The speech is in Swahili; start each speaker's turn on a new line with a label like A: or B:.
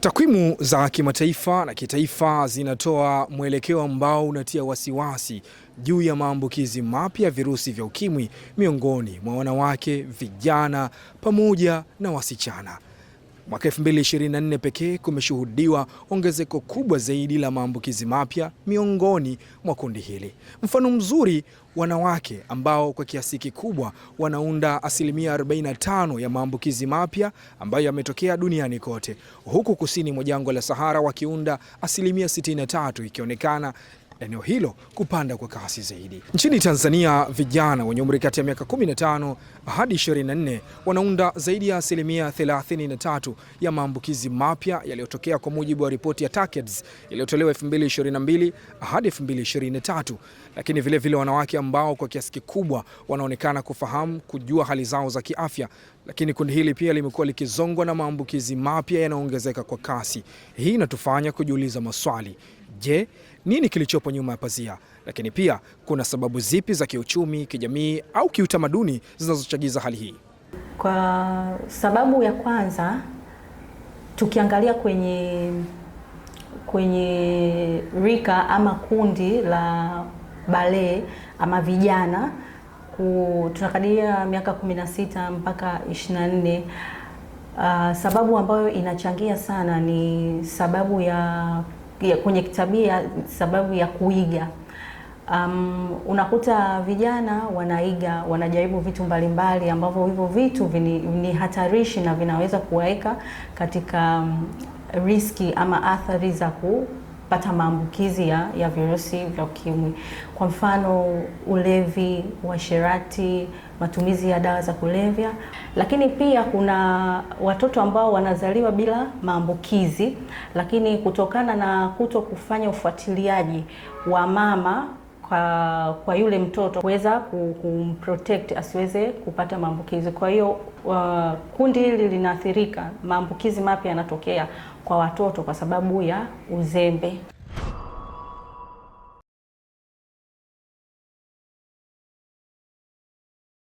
A: Takwimu za kimataifa na kitaifa zinatoa mwelekeo ambao unatia wasiwasi juu ya maambukizi mapya ya virusi vya ukimwi miongoni mwa wanawake, vijana pamoja na wasichana. Mwaka 2024 pekee kumeshuhudiwa ongezeko kubwa zaidi la maambukizi mapya miongoni mwa kundi hili. Mfano mzuri, wanawake ambao kwa kiasi kikubwa wanaunda asilimia 45 ya maambukizi mapya ambayo yametokea duniani kote, huku kusini mwa jangwa la Sahara wakiunda asilimia 63 ikionekana eneo hilo kupanda kwa kasi zaidi. Nchini Tanzania, vijana wenye umri kati ya miaka 15 hadi 24 wanaunda zaidi ya asilimia 33 ya maambukizi mapya yaliyotokea, kwa mujibu wa ripoti ya TACAIDS iliyotolewa 2022 hadi 2023. Lakini vilevile vile wanawake ambao kwa kiasi kikubwa wanaonekana kufahamu kujua hali zao za kiafya, lakini kundi hili pia limekuwa likizongwa na maambukizi mapya yanayoongezeka kwa kasi. Hii inatufanya kujiuliza maswali. Je, nini kilichopo nyuma ya pazia? Lakini pia kuna sababu zipi za kiuchumi, kijamii au kiutamaduni zinazochagiza hali hii?
B: Kwa sababu ya kwanza, tukiangalia kwenye kwenye rika ama kundi la bale ama vijana ku, tunakadiria miaka 16 mpaka 24. Uh, sababu ambayo inachangia sana ni sababu ya ya, kwenye tabia sababu ya kuiga. Um, unakuta vijana wanaiga, wanajaribu vitu mbalimbali ambavyo hivyo vitu vini, ni hatarishi na vinaweza kuwaweka katika um, riski ama athari za kupata maambukizi ya, ya virusi vya UKIMWI. Kwa mfano ulevi, uasherati matumizi ya dawa za kulevya, lakini pia kuna watoto ambao wanazaliwa bila maambukizi, lakini kutokana na kuto kufanya ufuatiliaji wa mama kwa, kwa yule mtoto kuweza kumprotect asiweze kupata maambukizi. Kwa hiyo uh, kundi hili linaathirika, maambukizi mapya yanatokea kwa watoto kwa sababu ya uzembe.